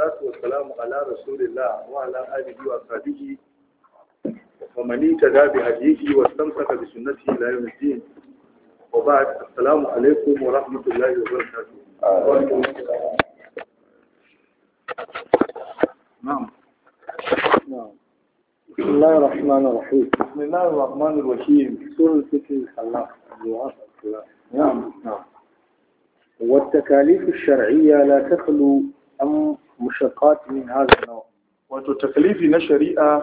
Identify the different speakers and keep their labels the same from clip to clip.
Speaker 1: والصلاة والسلام على رسول الله وعلى آله وأصحابه ومن اهتدى بهديه واستمسك بسنته إلى يوم الدين وبعد السلام عليكم ورحمة الله وبركاته نعم نعم بسم الله الرحمن الرحيم بسم الله الرحمن الرحيم سورة الفكر الخلاق نعم نعم والتكاليف الشرعية لا تخلو عن mushaqat min hadha an-naw wato taklifi na shari'a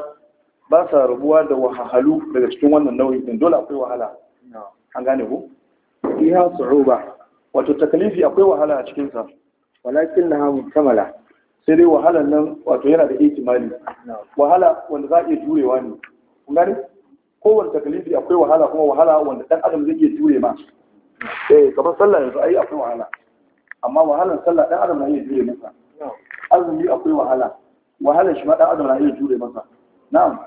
Speaker 1: ba sa rubuwa da wahalhalu daga cikin wannan nau'in din dole akwai wahala an gane ku fiha su'uba wato taklifi akwai wahala a cikin sa walakin laha kamala sai dai wahalan nan wato yana da ihtimali wahala wanda za a iya jurewa ne kun gane kowane taklifi akwai wahala kuma wahala wanda dan adam zai iya jure ma eh kamar sallah yanzu ai akwai wahala amma wahalan sallah dan adam na iya jure masa azumi akwai wahala wahala shi ma dan adam na iya jure masa na'am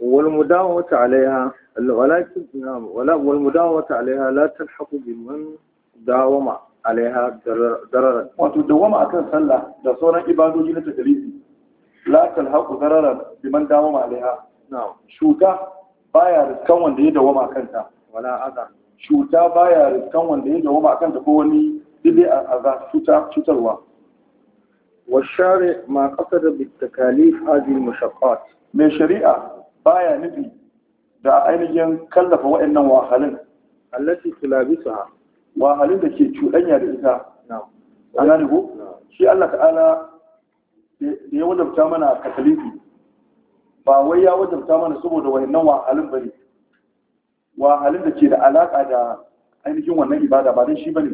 Speaker 1: wal mudawata alaiha walakin na'am wala wal mudawata alaiha la talhaqu biman dawama alaiha dararan wato dawama akan sallah da sauran ibadoji na tadrisi la talhaqu dararan biman dawama alaiha na'am shuka baya riskan wanda ya dawama kanta wala adha cuta baya riskan wanda ya dawama kanta ko wani dai a cuta cutarwa والشارع ما قصد بالتكاليف هذه المشقات من شريعة بايا نبي دا ainihin kallafa wa'annan wahalin allati tulabisuha wahalin da ke cuɗanya da ita نعم gane ko shi Allah تعالى da ya wajabta mana katalifi ba wai ya wajabta mana saboda wa'annan wahalin ne. wahalin da ke da alaƙa da ainihin wannan ibada ba dan shi ne.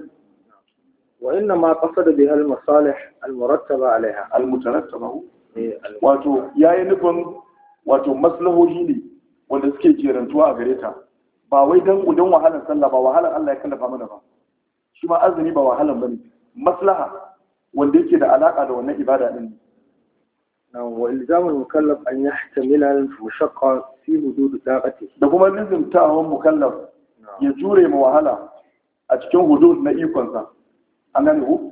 Speaker 1: وإنما قصد بها المصالح المرتبة عليها المترتبة واتو يا ينفن واتو مصلحه ne wanda suke jerantuwa a gareta. ta ba wai dan udan wahalar sallah ba wahalar Allah ya kallafa mana ba shi azumi ba wahalar bane maslaha wanda yake da alaka da wannan ibada din nan wa ilzamul mukallaf an yahtamila al-mushaqqa da kuma ya jure ma wahala a cikin hudud na ikonsa an gane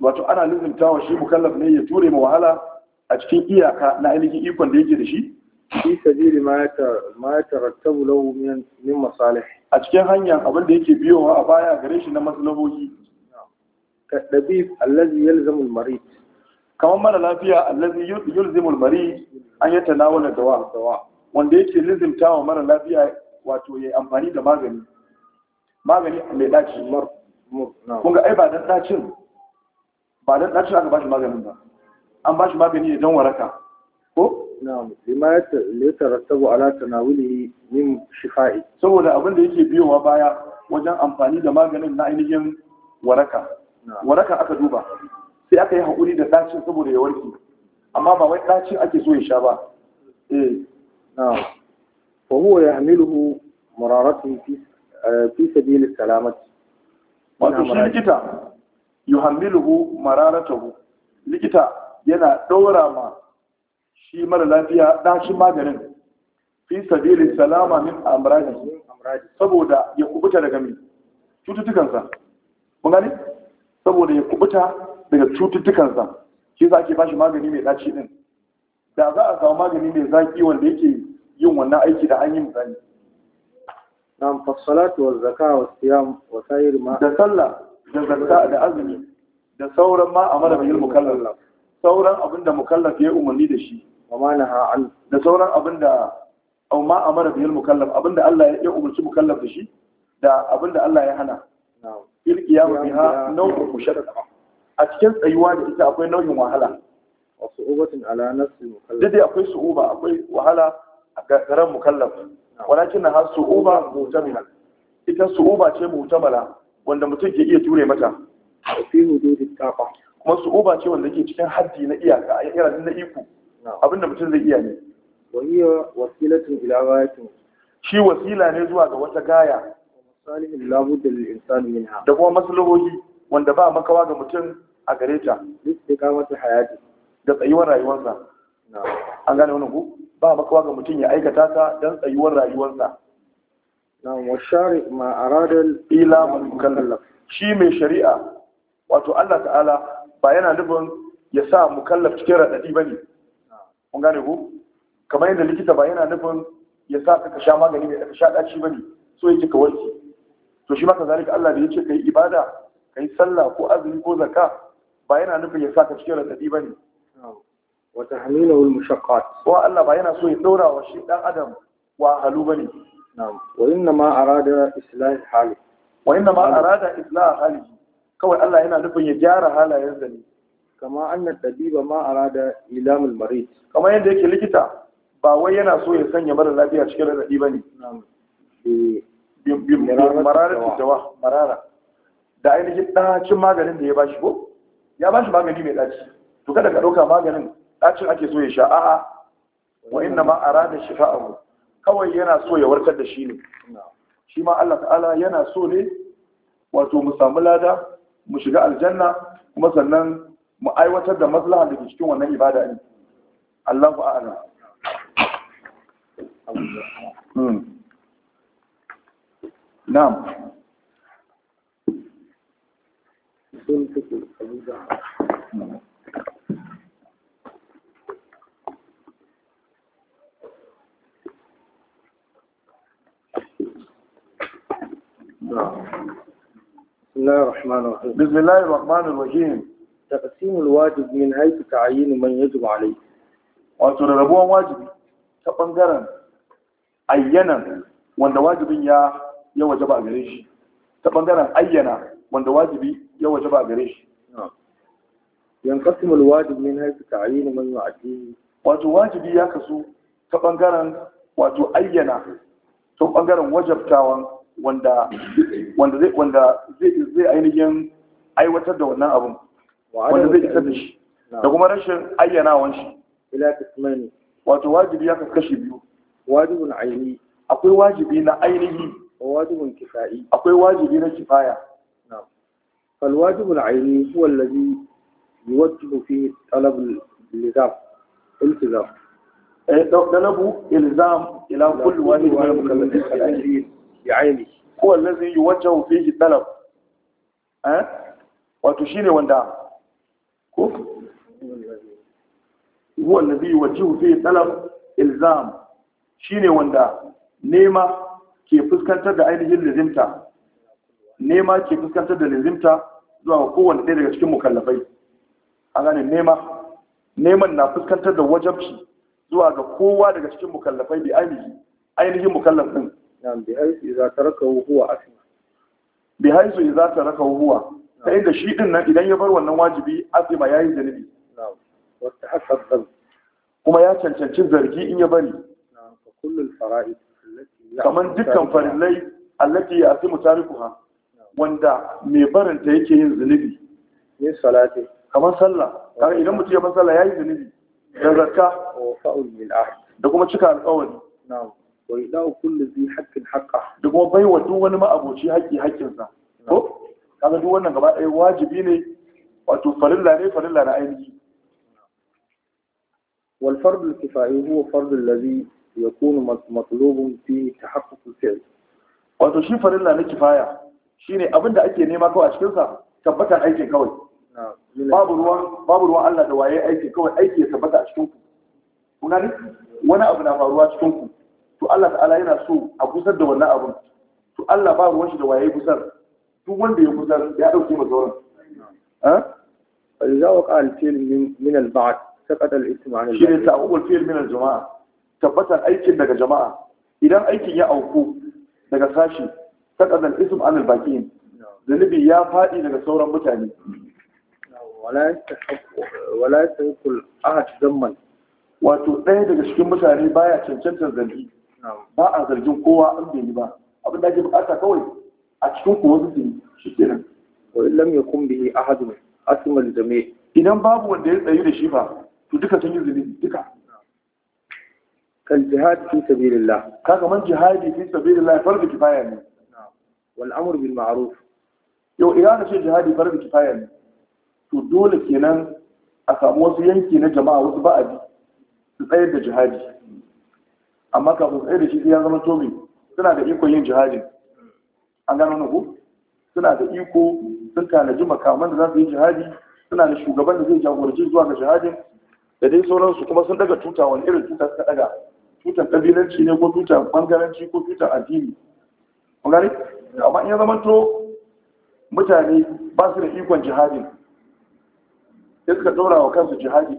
Speaker 1: wato ana nufin tawa shi mukallaf ne ya ture ma wahala a cikin iyaka na ainihin ikon da yake da shi shi sabili ma ya ma ya rattabu lahu min masalih a cikin hanyar abin da yake biyowa a baya gare shi na maslahohi ka dabi allazi yalzamul marid kamar mara lafiya allazi yalzamul marid an yatanawala dawa dawa wanda yake lizimtawa mara lafiya wato yayi amfani da magani magani mai dace mar Kunga ai ba dan dacin ba dan dacin aka bashi maganin ba an bashi magani ne don waraka ko na'am lima ya tarattabu ala tanawulihi min shifa'i saboda abin da yake biyowa baya wajen amfani da maganin na ainihin waraka waraka aka duba sai aka yi hakuri da dacin saboda ya warke amma ba wai dacin ake so ya sha ba eh na'am fa huwa yahmiluhu mararatu fi eh, fi sabilis salamati wato shi likita yuhammiluhu mararatahu likita yana daura ma shi mara lafiya ɗashin maganin fi sabilin salama min amradi saboda ya kubuta daga mai cututtukansa mun gani saboda ya kubuta daga cututtukansa shi za ke bashi magani mai ɗaci din da za a samu magani mai zaki wanda yake yin wannan aiki da an yi misali نعم فالصلاة والزكاة والصيام وسائر ما ده صلى ده زكاة ده أزمي ده ثورا ما أمر به المكلف ثورا أبن ده مكلف يأمني ده شيء وما نهى عنه ده ثورا أبن ده أو ما أمر به المكلف أبن ده الله يأمر شيء مكلف ده شيء ده أبن ده الله يهنى نعم في القيام بها نوع مشرع أتكلم أيوان إذا أقول نوع وهلا وصعوبة على نفس المكلف ده دي أقول صعوبة أقول وهلا غير مكلف walakin na har su'uba mutamila ita su'uba ce mutamala wanda mutum ke iya ture mata fi hududin taqa kuma su'uba ce wanda ke cikin haddi na iyaka a irin na iko abinda mutum zai iya ne wa hiya wasilatun ila ghayatin shi wasila ne zuwa ga wata gaya salihin labudda lil insani da kuma maslahohi wanda ba makawa ga mutum a gare ta da tsayuwar rayuwarsa an gane wannan ku ba makawa ga mutum ya aikata ta don tsayuwar rayuwarsa Na washari shari ma arada ila mukallaf shi mai shari'a wato Allah ta'ala ba yana nufin ya sa mukallaf cikin radadi ne? kun gane ku kamar yadda likita ba yana nufin ya sa ka sha magani mai ka sha ba ne, so ya cika warke to shi maka zalika Allah da ya ce ka yi ibada ka yi sallah ko azumi ko zakka ba yana nufin ya sa ka cikin radadi ne. wata hamila wal mushaqqat wa Allah ba yana so ya daura wa shi dan adam wa halu bane na'am wa inna ma arada islah hali wa inna ma arada islah hali kawai Allah yana nufin ya gyara halayen sa ne kama anna tabiba ma arada ilamul marid kama yadda yake likita ba wai yana so ya sanya mara lafiya cikin radadi bane na'am mararar dawa marara da ainihin ɗacin maganin da ya bashi ko ya bashi magani mai ɗaci to kada ka ɗauka maganin ɗacin ake so ya sha a'a wa inna ma arada shifa'ahu kawai yana so ya warkar da shi ne shi ma Allah ta'ala yana so ne wato mu samu lada mu shiga aljanna kuma sannan mu aiwatar da maslaha da ke cikin wannan ibada ne Allahu a'lam نعم hmm. نعم بسم الله الرحمن الرحيم تقسيم الواجب من حيث تعيين من يجب عليه wato wajibi ta ɓangaren ayyana wanda wajibin ya ya wajaba a gare shi ta bangaren ayyana wanda wajibi ya wajaba a gare shi yanqasimu alwajib min haythu ta'yin man yu'addihi wato wajibi ya kasu ta bangaren wato ayyana bangaren wajabtawan wanda zai ainihin aiwatar da wannan abin wanda zai isar da shi da kuma rashin ayyanawan shi ila wato wajibi ya kashe biyu wajibin aini akwai wajibi na ainihi wajibin kifayi akwai wajibi na kifaya ainihi العيني هو الذي يوجه فيه طلب الالتزام التزام طلب الزام الى كل واحد من المكلفين zai yi بعينه هو الذي يوجه فيه الطلب أه؟ وتشير وندا هو الذي يوجه فيه الطلب إلزام شيني wanda nema ke fuskantar da ainihin lazimta nema ke fuskantar da lazimta zuwa ga kowane ɗaya daga cikin mukallafai a gane nema neman na fuskantar da wajabci zuwa ga kowa daga cikin mukallafai bi ainihi ainihin mukallafin nan bi haisu idza tarakahu huwa asma bi haisu idza tarakahu huwa ta inda shi din nan idan ya bar wannan wajibi asma yayi zanibi na'am wa tahassab kuma ya cancanci zargi in ya bari na'am fa kullul fara'id kaman dukkan farillai allati ya asimu tarikuha wanda mai barinta yake yin zunubi ne salati kamar sallah kaga idan mutum ya bar sallah yayi zunubi da zakka da kuma cika alƙawari na'am wa idau kullu zi haƙƙin haƙƙa. da kuma bai wa duk wani ma'aboci haƙƙi haƙƙinsa ko kaga duk wannan gaba ɗaya wajibi ne wato farilla ne farilla na ainihi wal fardu al-kifayi huwa fardu allazi yakunu matlubun fihi tahaqquq al-fi'l wato shi farilla na kifaya shine abinda ake nema kawai a cikin sa tabbatar aikin kawai babu ruwan babu ruwan Allah da waye aiki kawai aiki ya tabbata a cikin ku kuna ne wani abu na faruwa cikin ku to Allah ta'ala yana so a kusar da wannan abun to Allah ba ruwan shi da waye kusar duk wanda ya kusar ya dauke masa wurin ha idza waqa al-fi'l min al-ba'd saqata al-ism 'an al-ba'd shi ne ta'awul fi'l min al-jama'a tabbatar aikin daga jama'a idan aikin ya auku daga sashi saqata al-ism 'an al-baqin zanubi ya fadi daga sauran mutane wala yastahiqu wala yastahiqu al-ahad zamman wato ɗaya daga cikin mutane baya cancantar zargi ba a zargin kowa an bai yi ba abin da ake bukata kawai a cikin ku wasu ke shi kenan wa lam kun bihi ahadun asmal jami idan babu wanda ya tsayu da shi ba to duka sun yi zunubi duka kan jihad fi sabilillah kaga man jihadi fi sabilillah farz kifaya ne wal amr bil ma'ruf yau idan ce jihadi farz kifaya ne to dole kenan a samu wasu yanki na jama'a wasu ba'adi su tsayar da jihadi amma kafin tsaye da shi ya zama tomi suna da ikon yin jihadin an gano na ku suna da iko sun tanaji makaman da za su yi jihadi suna da shugaban da zai jagorci zuwa ga jihadin da dai sauransu kuma sun daga tuta wani irin tuta suka daga tutan ƙabilanci ne ko tutan ɓangaranci ko tutan addini gani amma in ya zama to mutane ba su da ikon jihadin sai suka ɗora wa kansu jihadi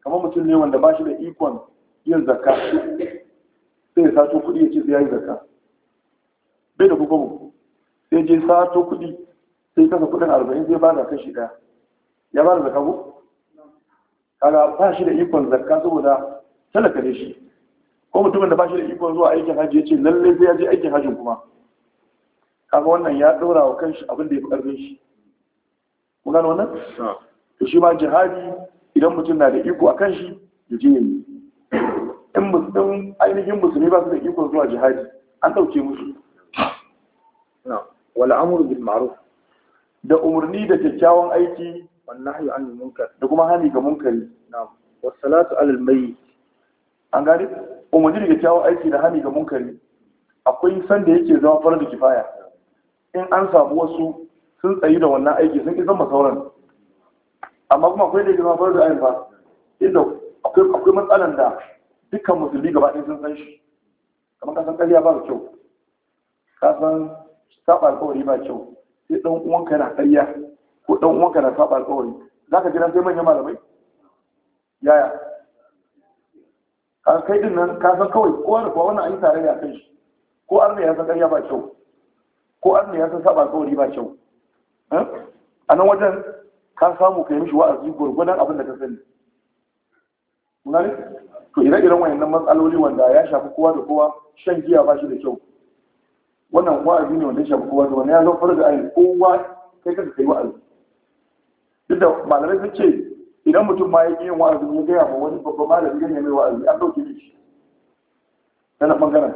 Speaker 1: kamar mutum ne wanda ba shi da ikon yin zakka sai ya sato kuɗi ya ce sai ya yi zakka bai da kuka kokobo sai je sato kuɗi sai kasa kuɗin arba'in zai ba da kashi ɗaya ya ba da zakka ko kaga ba shi da ikon zakka saboda talaka ne shi ko mutumin da ba shi da ikon zuwa aikin hajji ya ce lallai sai ya je aikin hajjin kuma kaga wannan ya ɗora wa kanshi abin da ya fi ƙarfin shi kun gano wannan to shi ma jihadi idan mutum na da iko a kanshi ya je ya yi ainihin musulmi ba su da ikon zuwa jihadi an ɗauke musu wala amru bil ma'ruf da umarni da kyakkyawan aiki wan nahyu an munkar da kuma hani ga munkari na was salatu alal mayyit an gani umarni da kyakkyawan aiki da hani ga munkari akwai sanda yake zama farar da kifaya in an samu wasu sun tsayi da wannan aiki sun isan masauran amma kuma akwai da yake zama farar da ayyuka idan inda akwai matsalan da dukkan musulmi gaba ɗaya sun san shi kamar kasan ƙarya ba kyau kasan saba alƙawari ba kyau sai ɗan uwanka na ƙarya ko ɗan uwanka na saba alƙawari za ka jira sai manyan malamai yaya kai din nan ka san kawai ko wani kowa wannan an tare da kai shi ko an ya san ƙarya ba kyau ko an ya san saba alƙawari ba kyau eh? a nan wajen ka samu ka yi mishi wa'azi gwargwadon abin da ka sani kunari to ire-iren wayannan matsaloli wanda ya shafi kowa da kowa shan giya ba shi da kyau wannan wa'azi ne wanda ya shafi kowa da wani ya zo farga ayin kowa kai kaka kai wa'azi duk da malamai sun ce idan mutum ma ya ƙi yin wa'azi ya gaya ma wani babban malami ya nemi wa'azi an ɗauke da shi ta na ɓangaren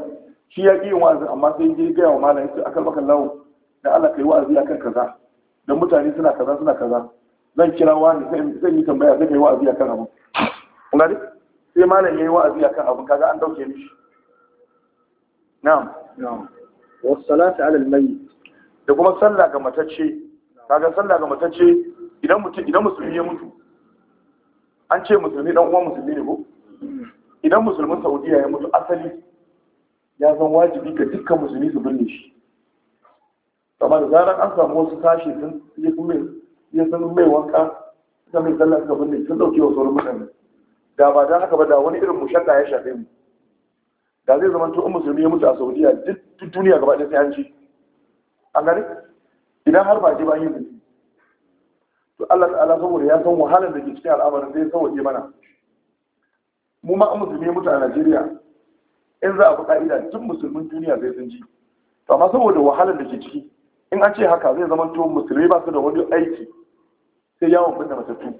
Speaker 1: shi ya ƙi yin wa'azi amma sai ya gaya wa malamai, sai akan bakan lawo da Allah kai wa'azi akan kaza don mutane suna kaza suna kaza zan kira wani zan yi tambaya zai kai wa'azi akan abu gari sai malam ya yi wa'azi kan abin kaga an dauke mishi na'am na'am was salatu ala al-mayyit da kuma sallah ga matacce kaga sallah ga matacce idan mutum idan musulmi ya mutu an ce musulmi dan uwan musulmi ne ko idan musulmin saudiya ya mutu asali ya zan wajibi ga dukkan musulmi su binne shi amma da zarar an samu wasu tashi sun yi sun mai wanka suka mai sallah suka binne sun dauke wa sauran mutane da ba don haka ba da wani irin mushadda ya shafe mu da zai zama to musulmi ya mutu a saudiya duk duniya gaba ɗaya sai an ci an gani idan har ba ji ba yin zai to Allah ta'ala saboda ya san wahalar da ke cikin al'amarin zai waje mana mu ma musulmi ya mutu a Najeriya in za a bi ka'ida duk musulmin duniya zai sun ji to amma saboda wahalar da ke ciki in an ce haka zai zama to musulmi ba su da wani aiki sai yawon binne matattu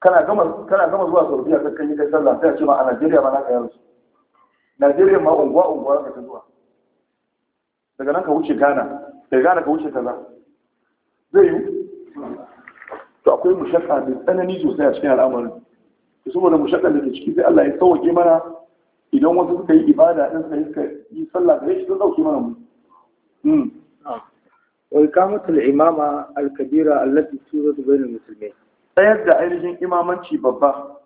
Speaker 1: kana gama kana gama zuwa Saudiya sai kan yi kai sallah sai a ce ma a Najeriya ma na ka yarsu Najeriya ma unguwa unguwa ka ta zuwa daga nan ka wuce Ghana daga Ghana ka wuce kaza zai yi to akwai mushakka mai tsanani sosai a cikin al'amarin to saboda mushakkan da ke ciki sai Allah ya sauke mana idan wasu suka yi ibada din sai suka yi sallah da shi sun dauke mana mu hmm. wa الإمامة imama al-kabira بين المسلمين tsayar da ainihin imamanci babba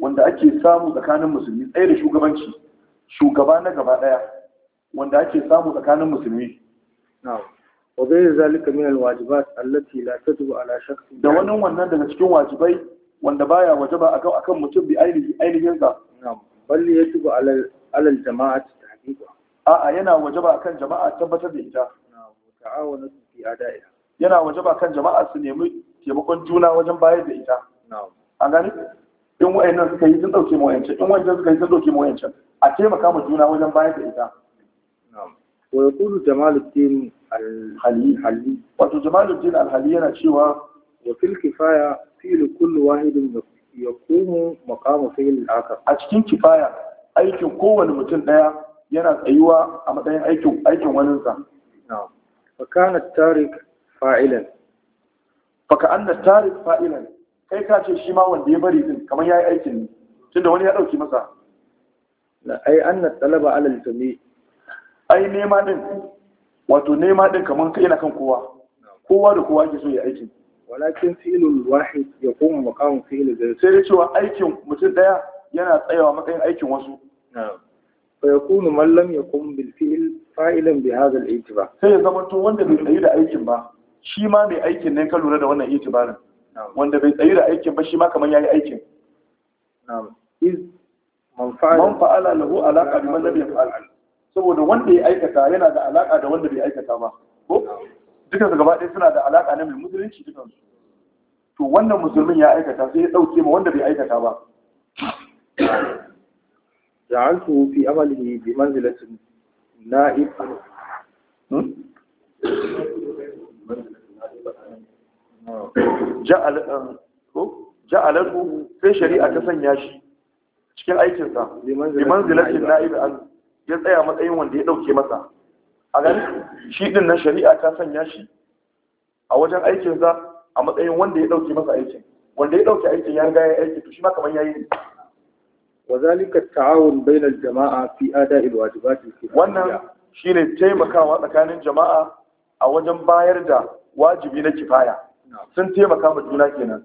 Speaker 1: wanda ake samu tsakanin musulmi tsaye da shugabanci shugaba na gaba daya wanda ake samu tsakanin musulmi wa bai zalika min alwajibat allati la tatubu ala shakhsi da wani wannan daga cikin wajibai wanda baya wajaba akan akan mutum bi ainihi ainihin sa na'am ya yajibu ala ala aljama'at tahqiqa a a yana wajaba akan jama'a tabbatar da ita na'am ta'awunu fi ada'iha yana wajaba kan jama'a su nemi taimakon juna wajen bayar da ita a gani in wa'annan suka yi sun ɗauke mawayancin, wa'ancan in wa'ancan suka yi sun ɗauke mawayancin, a taimaka ma juna wajen bayar da ita wa Kudu jamaluddin Alhali. alhali? wato jamaluddin al alhali yana cewa wa fil kifaya fi'lu kullu wahidin yaqumu maqama fi'l al-akhar a cikin kifaya aikin kowane mutum ɗaya yana tsayuwa a matsayin aikin aikin waninsa Ka kana tarik fa'ilan faka anna tarik fa'ilan kai ka ce shi ma wanda ya bari din kamar ya yi aikin ne tunda wani ya ɗauki masa Na ai anna talaba ala al ai nema din wato nema din kamar kai na kan kowa kowa da kowa ke so ya aikin walakin fi'lul wahid yaqum maqam fi'l zai sai da cewa aikin mutum daya yana tsayawa matsayin aikin wasu fa kunu mallam ya yaqum bil fa'ilan bi hadha al-itiba sai ya zama to wanda bai tsayi da aikin ba shi ma mai aikin ne ka lura da wannan itibarin wanda bai tsayi da aikin ba shi ma kamar yi aikin man fa'ala lahu alaƙa da wanda bai fa'ala. saboda wanda ya aikata yana da alaƙa da wanda bai aikata ba ko duka gaba ɗaya suna da alaƙa na mai musulunci dukan su to wannan musulmin ya aikata sai ya dauke ma wanda bai aikata ba ja'altu fi amalihi bi manzilatin na'ib hmm? ja'alatu sai shari'a ta sanya shi cikin aikinsa liman zilatin na'ibi an ya tsaya matsayin wanda ya dauke masa a gani shi din nan shari'a ta sanya shi a wajen aikinsa a matsayin wanda ya dauke masa aikin wanda ya dauke aikin ya riga ya aiki to shi ma kamar yayi ne wa ta'awun bainal jama'a fi ada'il wajibat wannan shine taimakawa tsakanin jama'a a wajen bayar da wajibi na kifaya sun taimaka ma juna kenan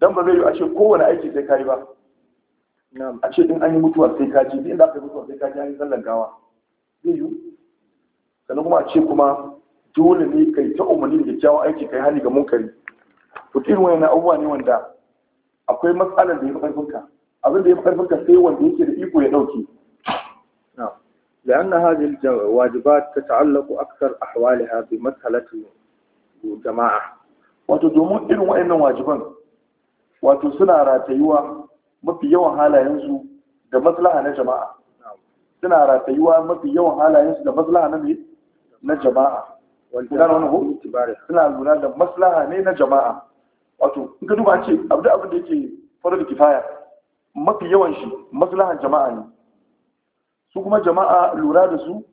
Speaker 1: dan ba zai yi a ce kowane aiki sai kai ba a ce din an yi mutuwa sai ka din da aka yi mutuwa sai ka an yi sallan gawa zai yi sannan kuma a ce kuma dole ne kai ta umarni da kyakkyawan aiki kai hali ga munkari to irin wani abubuwa ne wanda akwai matsalar da ya fi karfinka abin da ya fi karfinka sai wanda yake da iko ya dauke لأن هذه الواجبات تتعلق أكثر أحوالها بمسألة الجماعة وتدومون إن وإن واجبا وتسنى راتيوة mafi yawan halayensu da maslaha na jama'a suna ratayuwa mafi yawan halayensu da maslaha na jama'a kuna suna lura da maslaha ne na jama'a wato in ka duba ce abu da abin da yake farar kifaya mafi yawan shi maslahan jama'a ne su kuma jama'a lura da su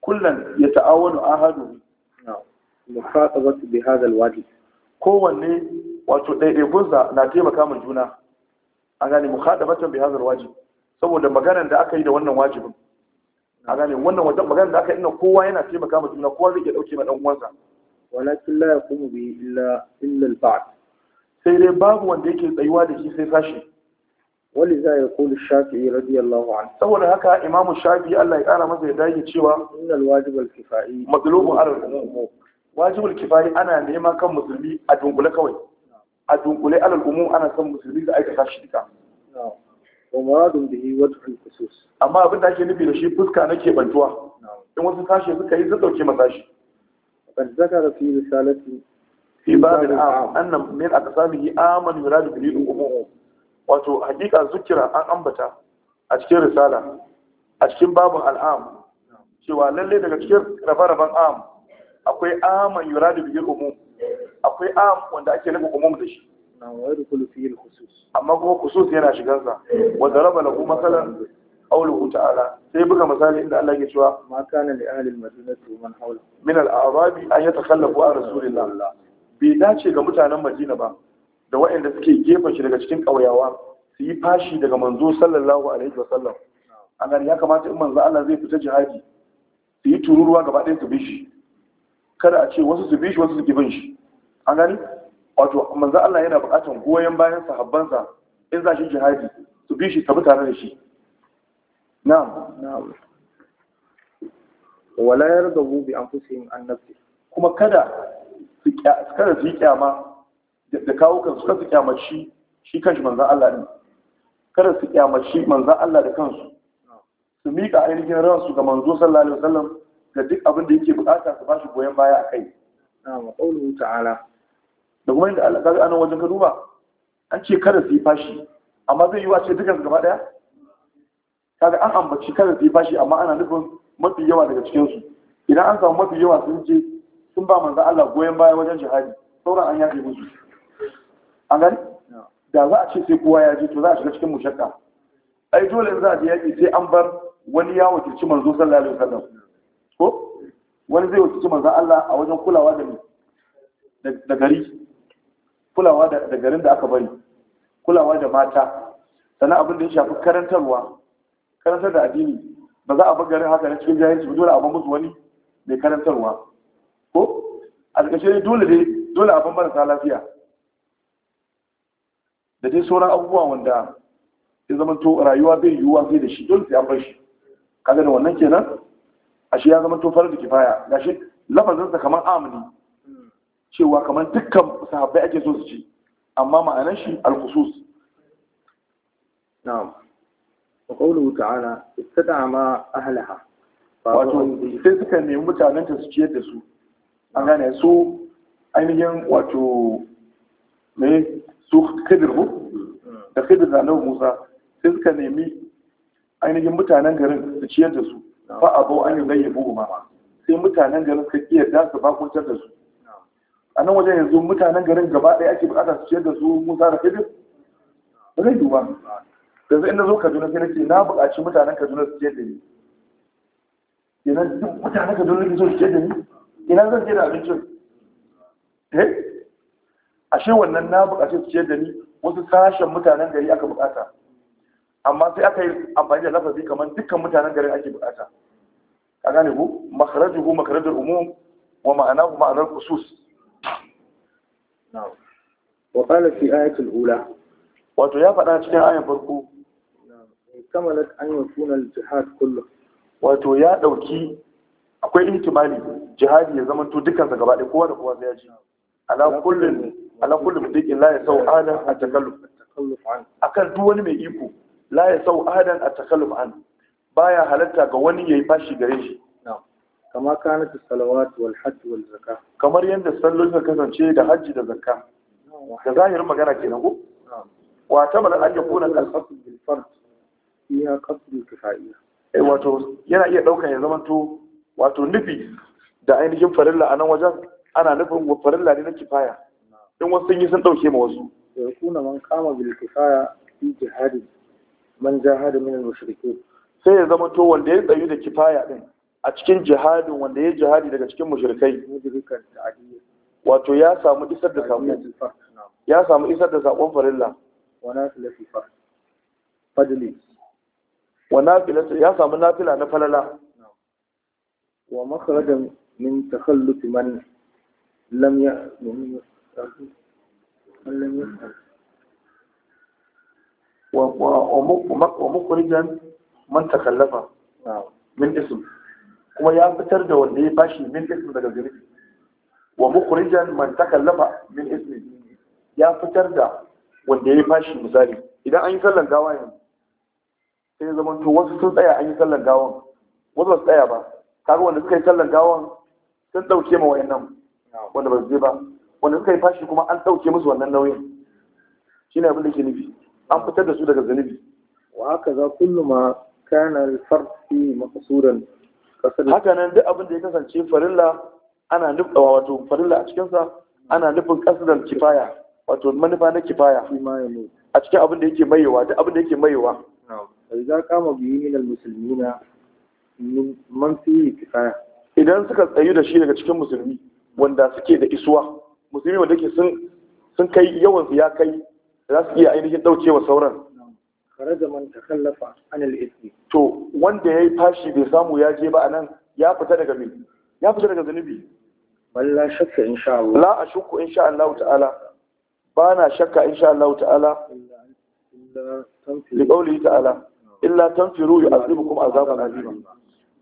Speaker 1: kullum ya ta'awanu ahadu mufatabatu bai hadha alwajib kowanne wato ɗaiɗaikunsa na taimaka mun juna a gane mukhadabatan bai hadha alwajib saboda maganar da aka yi da wannan wajibin a gane wannan wajen maganar da aka yi na kowa yana taimaka mun juna kowa zai iya dauke ma dan uwansa walakin la yaqumu bi illa illa al sai dai babu wanda yake tsayuwa da shi sai sashi wali za ya kuli shafi'i radiyallahu anhu saboda haka Imamin Shafi, Allah ya kara masa ya dage cewa innal wajibul kifai matlubu alal wajibul kifai ana nema kan musulmi a dunkule kawai a dunkule alal umum ana son musulmi da aikata shi duka wa muradun bihi wajhul amma abin da ake nufi da shi fuska na kebantuwa in wasu suka yi su ذكر في رسالته في باب العام أن من أقسامه آمن يراد به الأمور wato hakika zukira an ambata a cikin risala a cikin babin al'am cewa lalle daga cikin rabe-raben am akwai aman yura da bigil umum akwai am wanda ake nufin umum da shi amma kuma khusus yana shigansa wa daraba lahu masalan qawluhu ta'ala sai buga misali inda Allah ke cewa ma kana li ahli al-madinati man hawla min al-a'rabi an yatakhallafu an rasulillah bai dace ga mutanen madina ba da waɗanda suke gefen shi daga cikin ƙauyawa su yi fashi daga manzo sallallahu alaihi wa sallam A gani ya kamata in manzo Allah zai fita jihadi su yi tururuwa gaba ɗaya su bi shi kada a ce wasu su bi shi wasu su gibin shi a gani wato manzo Allah yana buƙatar goyon bayan sahabbansa in za shi jihadi su bi shi tare da shi na'am na'am wala yarda bi anfusihim an nafsi kuma kada su kada su yi kyama da kawo kansu kan su kyamaci shi kanshi manzan Allah ne kada su kyamaci manzan Allah da kansu su miƙa ainihin ransu ga manzo sallallahu alaihi wasallam ga duk abin da yake bukata su ba shi goyon baya a kai na'am qawluhu ta'ala da kuma inda Allah kaga anan wajen ka duba an ce kada su yi fashi amma zai yi wa ce dukansu gaba daya kaga an ambaci kada su yi fashi amma ana nufin mafi yawa daga cikin su idan an samu mafi yawa sun ce sun ba manzan Allah goyon baya wajen jihadi sauran an yafe musu an gani da za a ce sai kowa ya je to za a shiga cikin mushakka ai dole za a yaƙi sai an bar wani ya wakilci manzo sallallahu alaihi wasallam ko wani zai wakilci manzo Allah a wajen kulawa da da gari kulawa da garin da aka bari kulawa da mata sannan abin da ya shafi karantarwa karantar da addini ba za a bar garin haka na cikin jahilci ba dole a bar musu wani mai karantarwa ko a ƙarshe dole dai dole a bar marasa lafiya da dai sauran abubuwa wanda ya zama to rayuwa bai yiwuwa sai da shi dole sai an bar shi kaga da wannan kenan ashe ya zama to farar da kifaya gashi sa kamar amini cewa kamar dukkan sahabbai ake so su ci amma ma'anar shi al-khusus na'am wa qawluhu ta'ala ma ahliha wato sai suka nemi mutanen ta su ciyar da su an gane su ainihin wato me. su khidir ko da khidir da annabi Musa sai suka nemi ainihin mutanen garin su ciyar da su fa abu an yi gayyabo umama sai mutanen garin suka iya da su bakuntar da su a nan wajen yanzu mutanen garin gaba ɗaya ake buƙatar su ciyar da su Musa da khidir ba zai duba yanzu inda zo Kaduna sai nake na buƙaci mutanen Kaduna su ciyar da ni yanzu duk mutanen Kaduna su ciyar da ni ina zan je da abincin eh ashe wannan na bukace su ciyar da ni wasu sashen mutanen gari aka bukata amma sai aka yi amfani da lafazi kamar dukkan mutanen garin ake bukata ka gane ku makarajuhu makarajul umum wa ma'anahu ma'anar khusus wa qala fi ayatul ula wato ya faɗa cikin ayan farko kamalat an yakuna sunan jihad kullu wato ya dauki akwai ihtimali jihadi ya zama to dukkan sa gaba ɗaya kowa da kowa sai ya ji ala kullun ala kullu mudikin la yasau adan a takalluf akan duk wani mai iko la yasau adan a takalluf an baya halatta ga wani yayi fashi gare shi kama kanat salawat wal hajj wal zakka kamar yadda sallolin ka kasance da hajji da zakka da zahirin magana kenan ko wa tabala an yakuna al-qasd bil fard iya qasd kifaiya eh wato yana iya daukan ya zama to wato nufi da ainihin farilla a nan wajen ana nufin farilla ne na kifaya in wasu sun yi sun ɗauke ma wasu ya kuna man kama bil kifaya fi jihadi man jahada min al sai ya zama to wanda ya tsayu da kifaya din a cikin jihadin wanda ya jihadi daga cikin mushrikai wato ya samu isar da samu ya samu isar da sakon farilla wana filafi ya samu nafila na falala wa makhrajan min takhalluf man lam ya'lamu wa mukurijan man takallafa min isim kuma ya fitar da wanda ya bashi min isim daga zunubi wa mukurijan man takallafa min ismi ya fitar da wanda ya bashi misali idan an yi sallan gawa yanzu sai zama to wasu sun tsaya an yi sallan gawan wasu ba su tsaya ba kaga wanda suka yi sallan gawan sun ɗauke ma nan, wanda ba su je ba wanda suka yi fashi kuma an ɗauke musu wannan nauyin shi ne abinda ke nufi an fitar da su daga zunubi wa haka za kullu ma kana alfard fi haka nan duk abin da ya kasance farilla ana nufa wato farilla a cikinsa ana nufin kasdal kifaya wato manufa na kifaya a cikin abin da yake mayewa duk abin da yake mayewa idan kama biyu min almuslimina man fi kifaya idan suka tsayu da shi daga cikin musulmi wanda suke da isuwa musulmi wanda ke sun kai yawan su ya kai za su iya ainihin wa sauran da man takallafa an al to wanda ya yi fashi bai samu ya je ba nan. ya fita daga me ya fita daga zunubi walla shakka insha Allah la ashukku insha Allah ta'ala ba na shakka insha Allah ta'ala li qawli ta'ala illa tanfiru yu'adhibukum azaban azima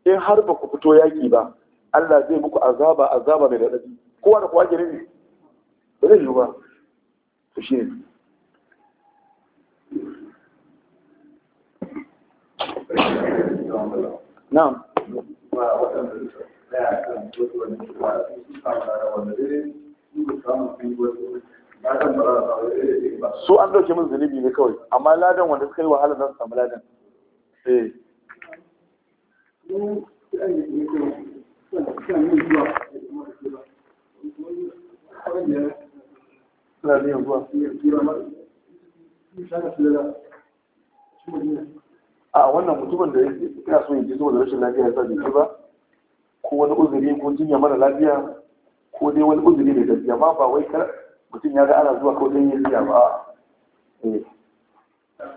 Speaker 1: in har ba ku fito yaki ba Allah zai muku azaba azaba mai dadi kowa da kowa ke nufi ba zai yiwu shi ne na su an dauke min zunubi ne kawai amma ladan wanda suka yi wahala za su samu ladan eh. suna a wannan mutumin da ya so ya ji saboda rashin lafiya ya sa bai ba ko wani uzuri ko jinya mara lafiya ko dai wani uzuri da gaskiya ba ba wai kar mutum ya ga ana zuwa ko dai ya siya ba eh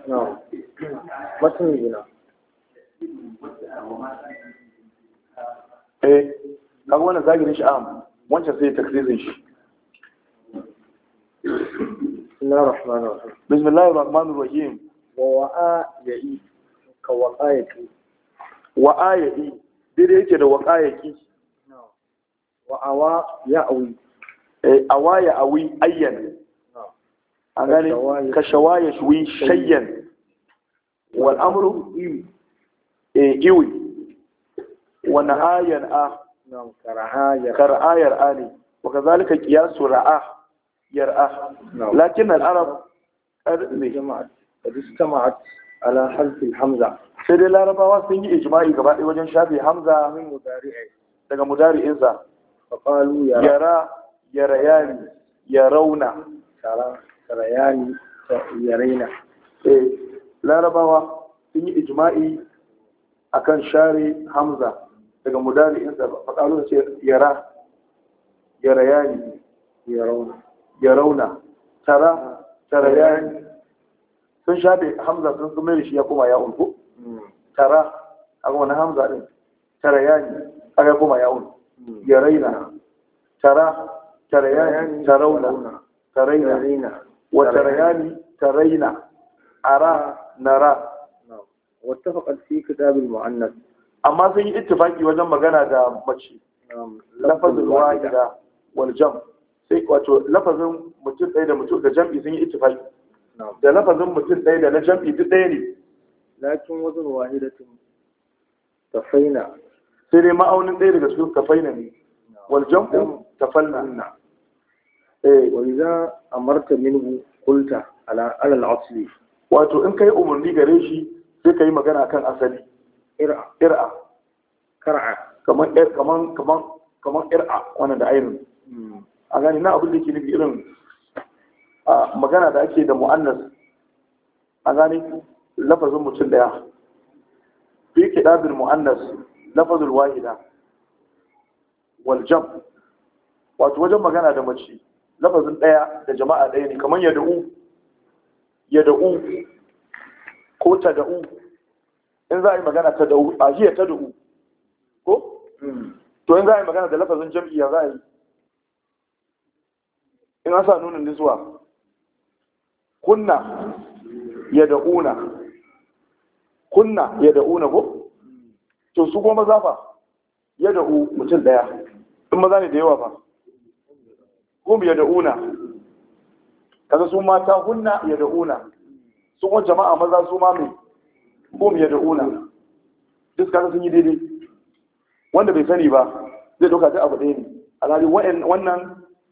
Speaker 1: na mutum yana eh kaga wannan zagirin shi am wancan sai takrizin shi بسم الله الرحمن الرحيم بسم الله الرحمن الرحيم ووآيئي كوقايتي وآيئي wa ya awi ayyan a gani ka shawa ya shuwi shayyan wal amru iwi wani a kar'ayar a ka zalika kiyasu ra'a يرأى نعم. لكن العرب قد استمعت على حذف الحمزة سيد العرب واسي إجماع إجماع وجن شابي حمزة من مدارئه لك مدارئ إنسا فقالوا يرى يريان يرون ترى يريان يرين إيه. العرب واسي إجماع أكن شاري حمزة لك مدارئ إنسا فقالوا يرى يريان يرون ya rauna tara tara ya yi sun shafe hamza sun su mai shi ya kuma ya unku tara a kuma na hamza din tara ya yi a aka kuma ya unku ya raina tara tara ya ne tarauna raina wa tara ya yi ne taraina ara nara واتفق mu'annas amma sun yi ittifaki wajen magana da mace lafazin لفظ wal jam' sai wato lafazin mutum ɗaya da mutum da jam'i sun yi ittifaki da lafazin mutum ɗaya da na jam'i duk ɗaya ne lakin da tun kafaina. sai dai ma'aunin ɗaya daga cikin kafaina ne wal jam'u tafalna eh za a marta minhu qulta ala alal asli wato in kai umarni gare shi sai kai magana kan asali ir'a ir'a kar'a kamar er, kamar kamar ir'a wannan da ainihin hmm. a gani na abin da ke nufi irin magana da ake da mu'annas a gani lafazin mutum daya fi ɗab'in mu'annas lafazin wahida waljam wato wajen magana da mace lafazin daya da jama'a daya ne kamar ya yada'u ko tada'u in za a yi magana tada'u a jiya tada'u ko to in za a yi magana da lafazin jam'iyya za a yi in an sa nunin niswa kunna ya da'una kunna ya da'una ko to su kuma maza fa ya da'u mutum daya in maza ne da yawa fa kuma ya da'una kaga su mata kunna ya da'una su kuma jama'a maza su ma kuma ya da'una duk kaga sun yi daidai wanda bai sani ba zai doka ta abu ɗaya ne A lari wannan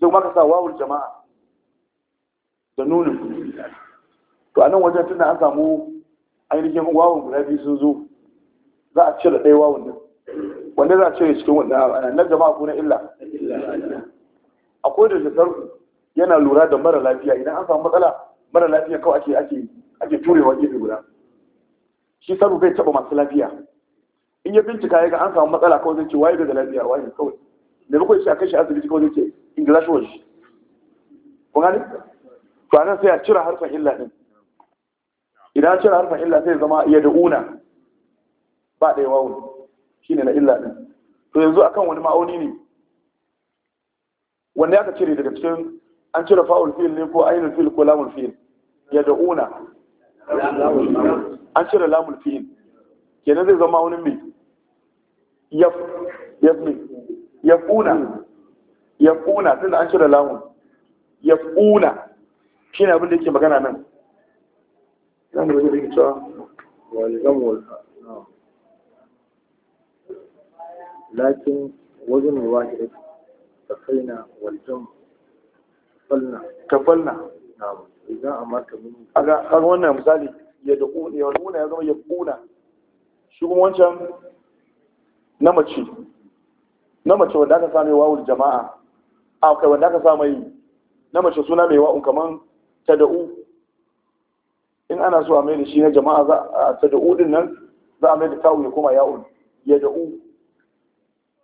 Speaker 1: sai kuma ka sa wawul jama'a da nunin to a nan wajen tunda an samu ainihin wawun guda biyu sun zo za a cire ɗaya wawun nan wanda za a cire cikin wanda na jama'a ko na illa akwai da shekar yana lura da mara lafiya idan an samu matsala mara lafiya kawai ake ake ake turewa gefe guda shi sabu bai taɓa masu lafiya in ya bincika ya ga an samu matsala kawai zai ce waye da lafiya waye kawai da ba kuwa kai shi asibiti kawai ce english word kun gani to anan sai a cire harfa illa din idan cire harfa illa sai zama ya una, ba da yawa wani shine na illa din to yanzu akan wani ma'auni ne wanda aka cire daga cikin an cire fa'ul fil ne ko ainul fil ko lamul fil ya una, an cire lamul fil kenan zai zama wani mai yaf yaf mai. yaquna yaquna tunda an shirya lamun yaquna shine abin da yake magana nan
Speaker 2: zan da yake cewa
Speaker 1: walidan wal lakin wajen wahid kafaina wal falna kafalna na'am idan amarka min aga kaga wannan misali ya da'una ya da'una ya zama yaquna shi kuma wancan na mace na mace wanda aka sami mai wawul jama'a a kai wanda aka sami yi na mace suna mai wa'un kaman tada'u in ana so a mai da shi na jama'a za a tada'u din nan za a mai da tawu ya koma ya'un ya da'u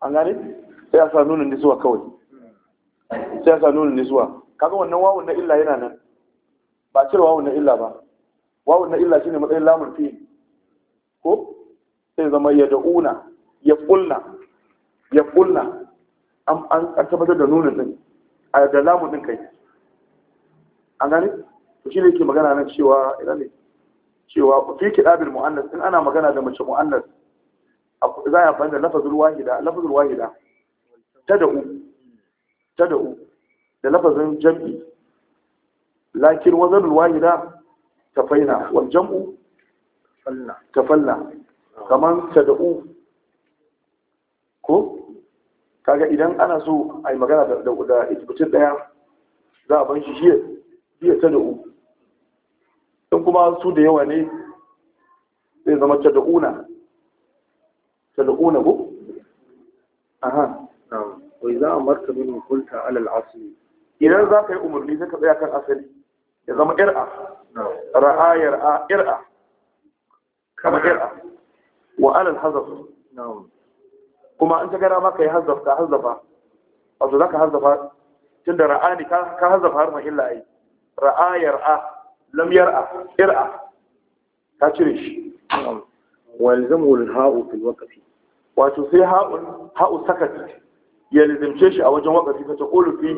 Speaker 1: an gane sai a sa nunin nisuwa kawai sai a sa nunin nisuwa kaga wannan wawun na illa yana nan ba cire wawun na illa ba wawun na illa shine matsayin lamun fi ko sai zama ya da'una ya kulna ya kulla an tabbatar da nunin din a da lamu din kai an gani? to shi ne ke magana nan cewa ina ne cewa fi kidabil mu'annas in ana magana da mace mu'annas za a fahimta lafazul wahida lafazul wahida tad'u tad'u da lafazin jam'i lakin wazanul wahida tafaina wal jam'u tafalla kaman tad'u ko kaga idan ana so a yi magana da mutum ɗaya za a ban shi Jiya ta da'u in kuma su da yawa ne zai zama ta da'una ta da'una bu? aha wai za a marta min hukunta alal asali idan za ka yi umarni sai ka tsaya kan asali ya zama ir'a ra'ayar a ir'a kama ir'a wa alal hazaf kuma an ka gara maka yi hazzafa hazzafa wato za ka hazzafa Tunda da ra'ani ka hazzafa ma illa ai ra'a yar'a lam yar'a ir'a ka cire shi walzamu al-ha'u fil waqfi wato sai ha'un ha'u sakat ya lizimce shi a wajen waqfi fa taqulu fi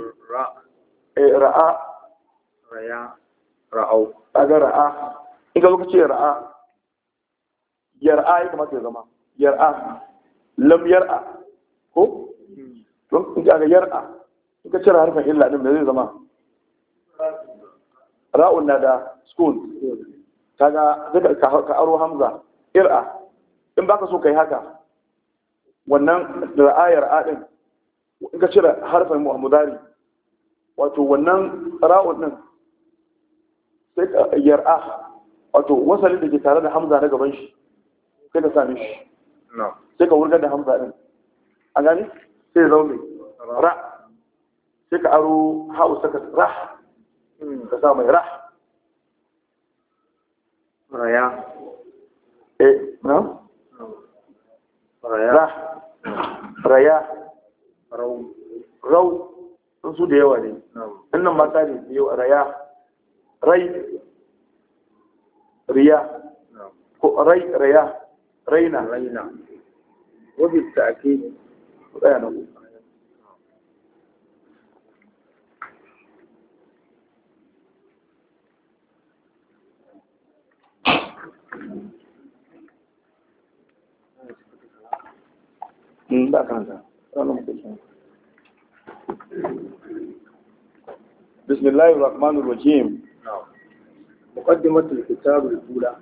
Speaker 1: eh, ra'a ra'a ra'au kaga ra'a in ka ce ra'a yar'a ya kamata ya zama yar'a lam yar'a ko don in ga yar'a in ka cire harfin illa din me zai zama ra'un na da school kaga zaka ka aro hamza ir'a in baka so kai haka wannan ra'ayar a din in ka cire harfin muhammadari wato wannan ra'un din sai yar'a wato wasalin da ke tare da hamza na gaban shi sai ka same shi sai ka wurgar da hamza din a gani sai zaune ra sai ka aro ha'u saka ra hmm. ka sa mai ra raya eh na raya raya rau rau sun su da yawa ne innan mata ne da yawa raya rai riya ko rai raya رينا رينا وبالتأكيد قرآنه بسم الله الرحمن الرحيم نعم. مقدمة الكتاب الأولى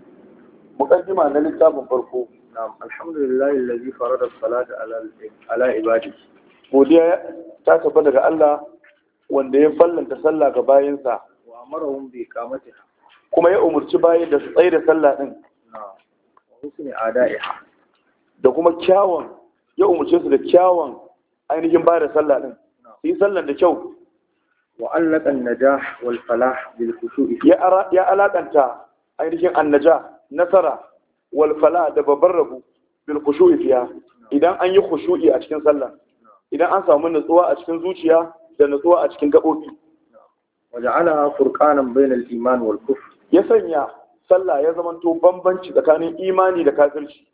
Speaker 1: مقدمة للكتاب الفرقوق na'am alhamdulillahi allazi farada salata ala ibadi godiya ta tafi daga Allah wanda ya fallanta sallah ga bayinsa wa amarahum bi iqamatiha kuma ya umurci bayi da su tsaye da sallah din na'am wa husni ada'iha da kuma kyawun ya umurce su da kyawun ainihin ba da sallah din su yi sallan da kyau wa allakan najah wal falah bil khushu'i ya alakanta ainihin annaja nasara Walfala da babban rabu bil khushu'i fiya idan an yi khushu'i a cikin sallah idan an samu nutsuwa a cikin zuciya da nutsuwa a cikin gabobi waja'ala furqanan bainal iman wal kufr ya sanya sallah ya zamanto bambanci tsakanin imani da kafirci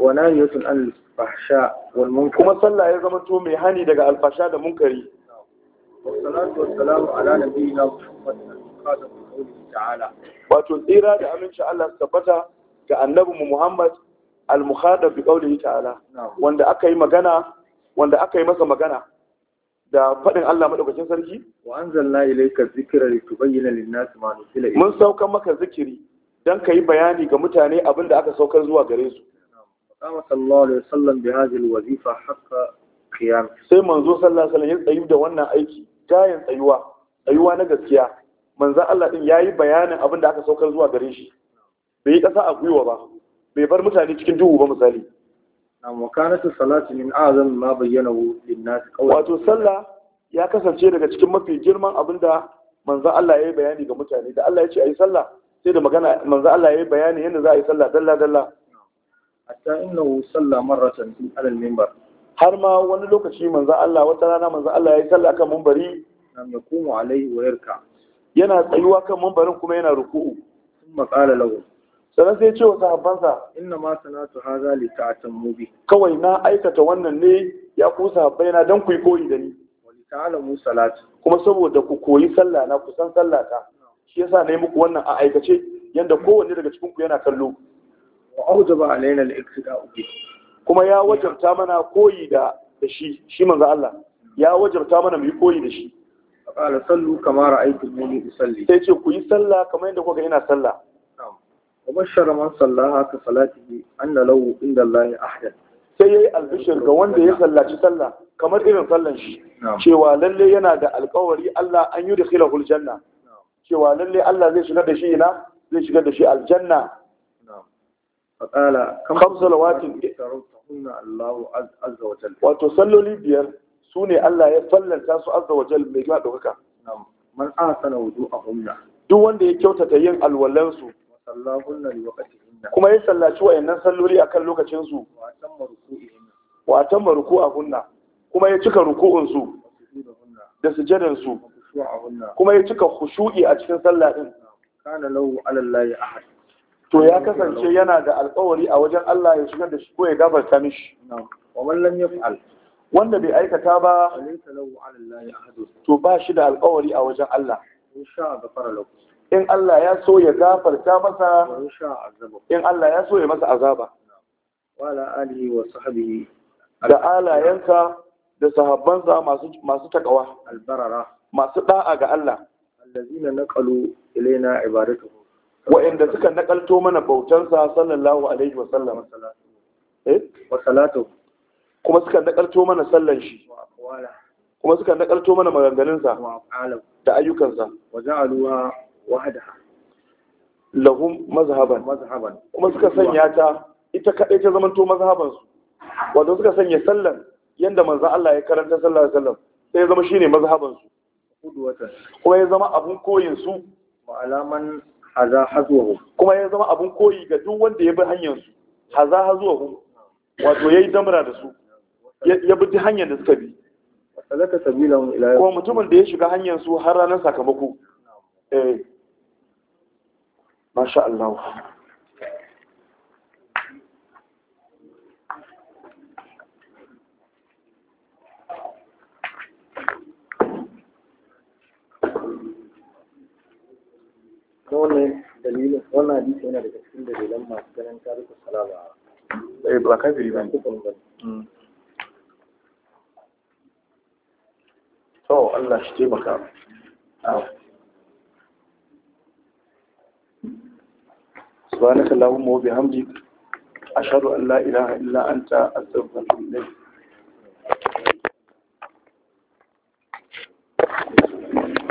Speaker 1: wa nahiyatul an fahsha wal munkar kuma sallah ya zamanto mai hani daga alfasha da munkari wassalatu wassalamu ala nabiyyina muhammad sallallahu alaihi wa ta'ala wato tsira da aminci Allah tabbata ga annabinmu Muhammad al-mukhadab bi qawlihi ta'ala wanda aka yi magana wanda aka yi masa magana da faɗin Allah madaukakin sarki wa anzalna ilayka dhikra litubayyana lin-nasi ma nuzila mun saukar maka zikiri dan kai bayani ga mutane abin da aka saukar zuwa gare su qama sallallahu alaihi wasallam bi hadhihi al-wazifa hatta qiyam sai manzo sallallahu alaihi wasallam ya tsayu da wannan aiki tayin tsayuwa tsayuwa na gaskiya manzo Allah din yayi bayanin abinda aka saukar zuwa gare shi bai yi ƙasa a gwiwa ba bai bar mutane cikin duhu ba misali na makanatu salatu min azam ma bayyana nasu kawai wato sallah ya kasance daga cikin mafi girman abinda manzo Allah ya yi bayani ga mutane da Allah ya ce ayi sallah sai da magana manzo Allah ya yi bayani yadda za a yi sallah dalla dalla hatta innahu salla marratan fi alal minbar har ma wani lokaci manzo Allah wata rana manzo Allah ya yi sallah kan minbari nam yakumu alaihi wa yarka yana tsayuwa kan minbarin kuma yana ruku'u kuma qala lahu sannan sai ce wa sahabbansa inna ma sanatu haza li ta'tamu bi kawai na aikata wannan ne ya ku sahabbai na dan ku yi koyi da ni wa li ta'lamu salati kuma saboda ku koyi sallah na ku san sallah ta shi yasa nayi muku wannan a aikace yanda kowanne daga cikin ku yana kallo wa aujaba alaina al-iqtida'u bi kuma ya wajabta mana koyi da shi shi manzo Allah ya wajabta mana mu yi koyi da shi qala sallu kama ra'aytumuni usalli sai ce ku yi sallah kamar yadda kuka ina sallah وبشر من صلاها كصلاته أن له عند الله أحدا sai yayi albishir ga wanda ya sallaci sallah kamar irin sallan shi cewa lalle yana da alkawari Allah an yi da khilahul janna cewa lalle Allah zai shigar da shi ina zai shigar da shi aljanna faqala kam salawatin tarunna Allahu azza wa jalla wato salloli biyar sune Allah ya sallanta su azza wa jalla mai gina dokaka man asana wudu'ahunna duk wanda ya kyautata yin alwalansu kuma ya sallaci wayannan salloli akan lokacin su wa a ruku'ahunna kuma ya cika ruku'un da sujadan su kuma ya cika khushu'i a cikin sallah din to ya kasance yana da alƙawari a wajen Allah ya shigar da shi ko ya gafarta mishi wanda bai aikata ba to ba shi da alƙawari a wajen Allah insha Allah in Allah ya so ya gafarta masa in Allah ya so ya masa azaba wala alihi wa sahbihi da alayansa da sahabbansa masu masu takawa albarara masu da'a ga Allah allazina naqalu ilaina suka nakalto mana bautansa sallallahu alaihi wa sallam eh wa salatu kuma suka nakalto mana sallan shi kuma suka nakalto mana maganganunsa da ayyukansa wa wahada lahum mazhaban mazhaban kuma suka sanya ta ita kadai ta zamanto mazhaban su wato suka sanya sallan yanda manzo Allah ya karanta sallallahu alaihi wasallam sai ya zama shine mazhaban su kuma ya zama abun koyin su alaman haza hazuwahu kuma ya zama abun koyi ga duk wanda ya bi hanyar su haza hazuwahu wato yayi damra da su ya bi ta hanyar da suka bi salaka sabilan ila kuma mutumin da ya shiga hanyar su har ranar sakamako eh ما شاء الله wannan dalilin wannan hadisi yana daga cikin dalilan masu ganin tarihi salama eh ba kafiri ba ne to Allah shi taimaka subhanaka allahumma wa bihamdik a an Allah, ilaha illa anta astaghfiruka wa